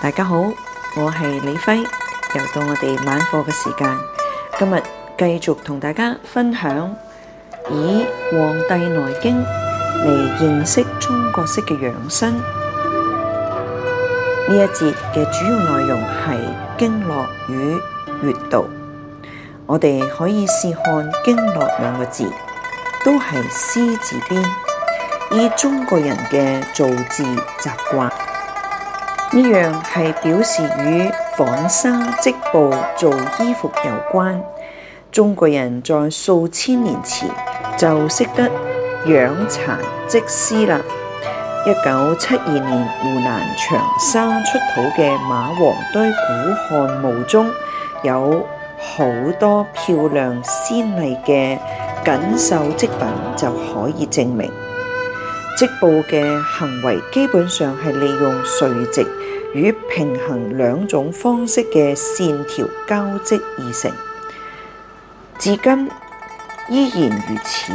大家好，我係李輝，又到我哋晚課嘅時間。今日繼續同大家分享以《黃帝內經》嚟認識中國式嘅養生。呢一節嘅主要內容係經絡與穴道。我哋可以試看“經絡”兩個字，都係“絲”字邊，以中國人嘅造字習慣。呢樣係表示與紡紗織布做衣服有關。中國人在數千年前就識得養蠶織絲啦。一九七二年湖南長沙出土嘅馬王堆古漢墓中有好多漂亮鮮麗嘅錦繡織品，就可以證明。織布嘅行為基本上係利用垂直與平衡兩種方式嘅線條交織而成，至今依然如此。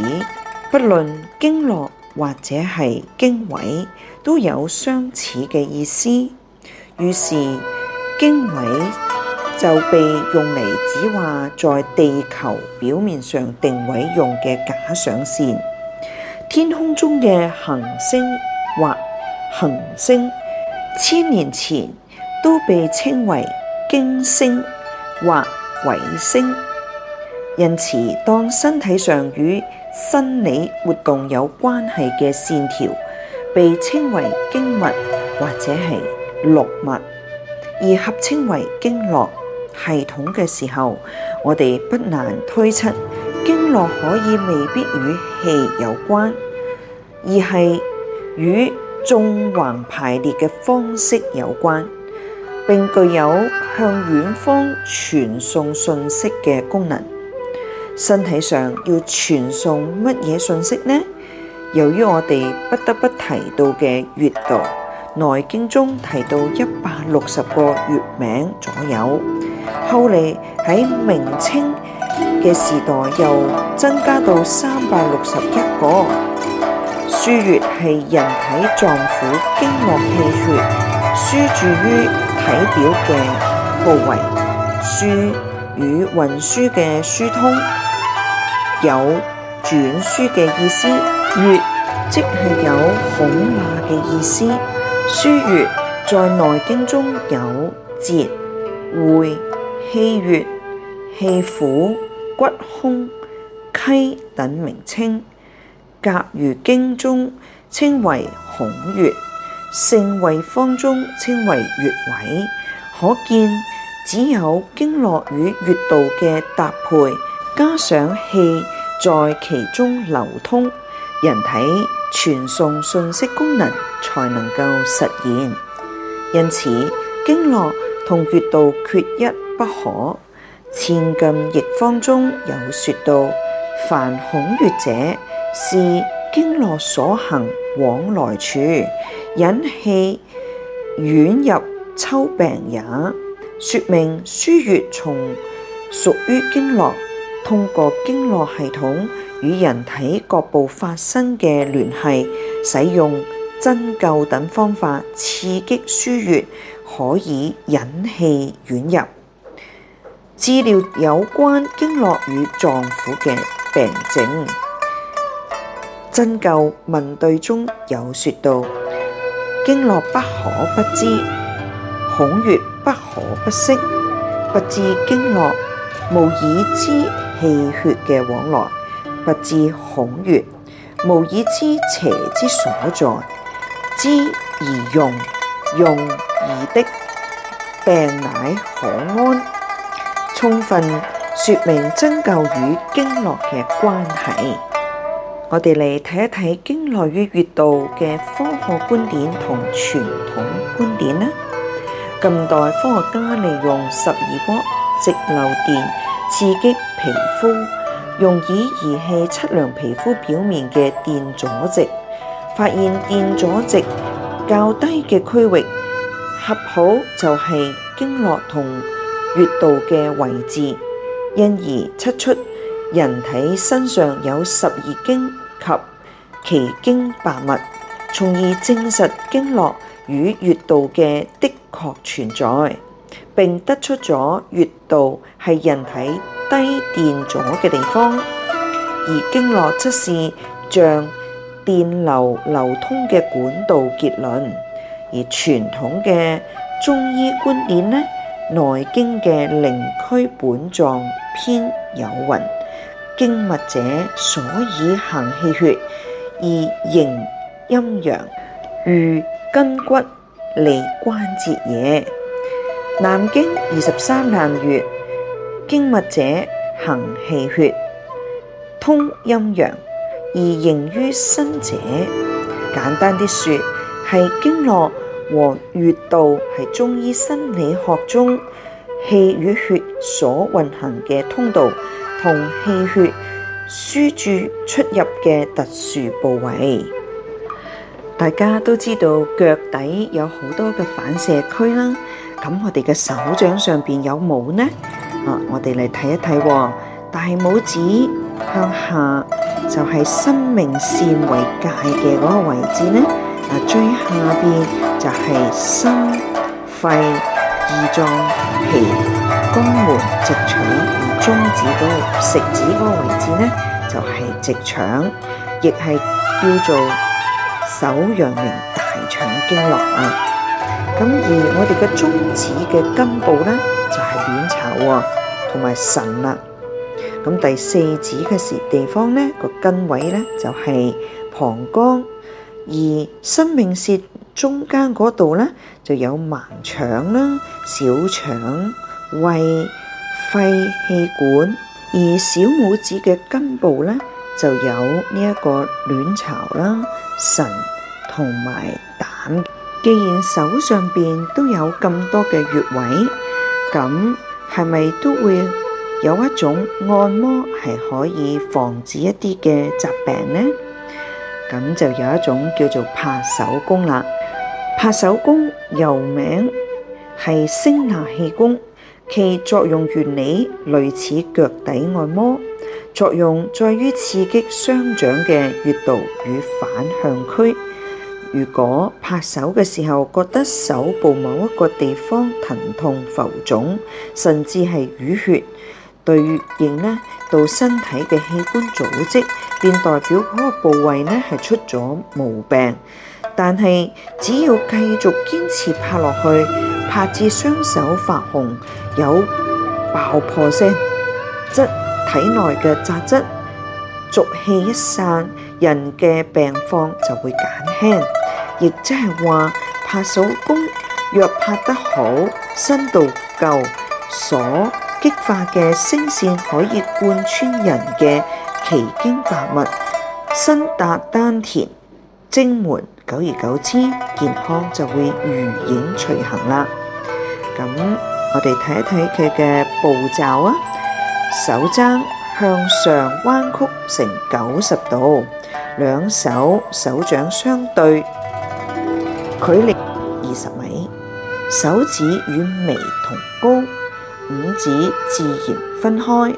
不論經絡或者係經緯，都有相似嘅意思。於是經緯就被用嚟指話在地球表面上定位用嘅假想線。天空中嘅恆星或行星，千年前都被稱為經星或緯星。因此，當身體上與生理活動有關係嘅線條，被稱為經脈或者係絡脈，而合稱為經絡系統嘅時候，我哋不難推測，經絡可以未必與氣有關，而係與縱橫排列嘅方式有關，並具有向遠方傳送信息嘅功能。身體上要傳送乜嘢信息呢？由於我哋不得不提到嘅穴道，《內經》中提到一百六十個穴名左右，後嚟喺明清，嘅時代又增加到三百六十一個。腧穴係人體臟腑經絡氣血輸注於體表嘅部位，輸與運輸嘅輸通，有轉輸嘅意思。穴即係有孔隙嘅意思。腧穴在內經中有節、會、氣穴、氣府。骨空溪、等名稱，甲魚經中稱為孔穴，聖惠方中稱為穴位。可見只有經絡與穴道嘅搭配，加上氣在其中流通，人體傳送信息功能才能夠實現。因此，經絡同穴道缺一不可。千金翼方中有說到，凡孔穴者，是經絡所行往來處，引氣遠入抽病也。說明腧穴從屬於經絡，通過經絡系統與人體各部發生嘅聯繫，使用針灸等方法刺激腧穴，可以引氣遠入。治療有關經絡與臟腑嘅病症，針灸問對中有説道：「經絡不可不知，孔穴不可不識。不知經絡，無以知氣血嘅往來；不知孔穴，無以知邪之所在。知而用，用而的，病乃可安。充分說明針灸與經絡嘅關係。我哋嚟睇一睇經絡與穴道嘅科學觀點同傳統觀點啦。近代科學家利用十二波直流電刺激皮膚，用以儀器測量皮膚表面嘅電阻值，發現電阻值較低嘅區域，恰好就係經絡同。穴道嘅位置，因而測出人體身上有十二經及奇經八脈，從而證實經絡與穴道嘅的，的確存在，並得出咗穴道係人體低電阻嘅地方，而經絡則是像電流流通嘅管道結論。而傳統嘅中醫觀點呢？《內經》嘅靈樞本藏篇有云：經脈者，所以行氣血，而營陰陽，濡筋骨，利關節也。《難經》二十三難曰：經脈者，行氣血，通陰陽，而營於身者。簡單啲説，係經絡和穴道係中醫生理學中氣與血所運行嘅通道，同氣血輸注出入嘅特殊部位。大家都知道腳底有好多嘅反射區啦，咁我哋嘅手掌上邊有冇呢？啊，我哋嚟睇一睇，大拇指向下就係生命綫為界嘅嗰個位置呢？最下邊就係心、肺、二臟、脾、肛門、直腸，而中指個食指個位置咧，就係直腸，亦係叫做手陽明大腸經絡啊。咁而我哋嘅中指嘅根部咧，就係卵巢同埋腎啦。咁第四指嘅時地方咧，個根位咧就係膀胱。而生命線中間嗰度咧，就有盲腸啦、小腸、胃、肺、氣管；而小拇指嘅根部咧，就有呢一個卵巢啦、腎同埋膽。既然手上邊都有咁多嘅穴位，咁係咪都會有一種按摩係可以防止一啲嘅疾病咧？咁就有一種叫做拍手功啦，拍手功又名係聲納氣功，其作用原理類似腳底按摩，作用在於刺激雙掌嘅穴道與反向區。如果拍手嘅時候覺得手部某一個地方疼痛浮腫，甚至係瘀血，對應呢到身體嘅器官組織。代表嗰個部位呢係出咗毛病，但係只要繼續堅持拍落去，拍至雙手發紅有爆破聲，則體內嘅雜質濁氣一散，人嘅病況就會減輕。亦即係話拍手功若拍得好，深度夠，所激發嘅聲線可以貫穿人嘅。奇經百脈，身達丹田，精門，久而久之，健康就會如影隨行啦。咁我哋睇一睇佢嘅步驟啊。手踭向上彎曲成九十度，兩手手掌相對，距離二十米，手指與眉同高，五指自然分開，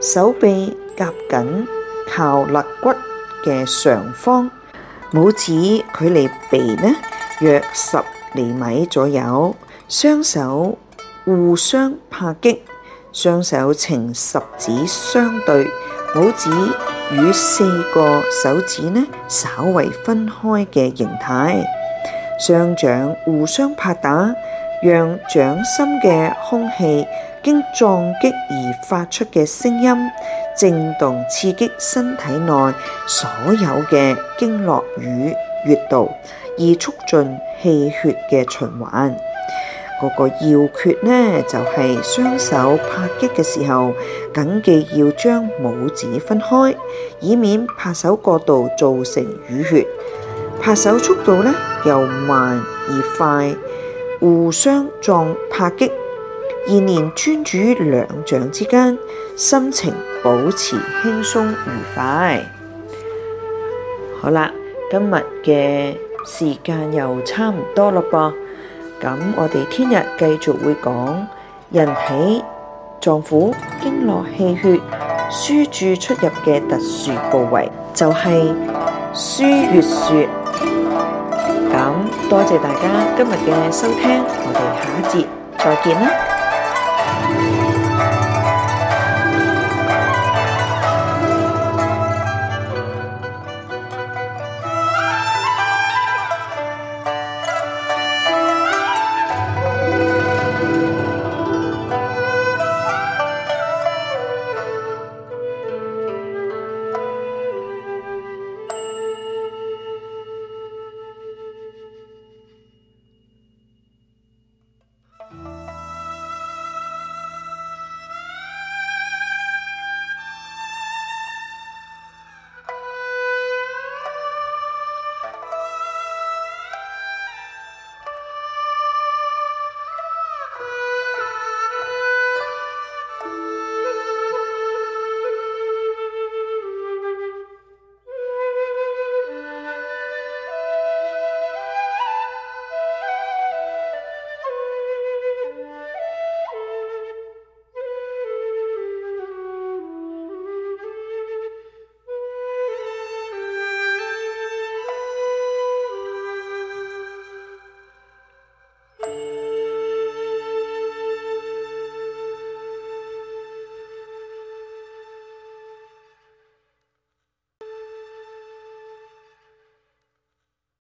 手臂。夾緊靠肋骨嘅上方，拇指距離鼻呢約十厘米左右，雙手互相拍擊，雙手呈十指相對，拇指與四個手指呢稍為分開嘅形態，雙掌互相拍打。讓掌心嘅空氣經撞擊而發出嘅聲音，震動刺激身體內所有嘅經絡與穴道，而促進氣血嘅循環。嗰、那個要訣呢，就係、是、雙手拍擊嘅時候，緊記要將拇指分開，以免拍手過度造成淤血。拍手速度呢，由慢而快。互相撞拍擊，而念專注於兩掌之間，心情保持輕鬆愉快。好啦，今日嘅時間又差唔多咯噃，咁我哋聽日繼續會講人體臟腑經絡氣血輸注出入嘅特殊部位，就係、是、輸血穴。多謝大家今日嘅收聽，我哋下一節再見啦。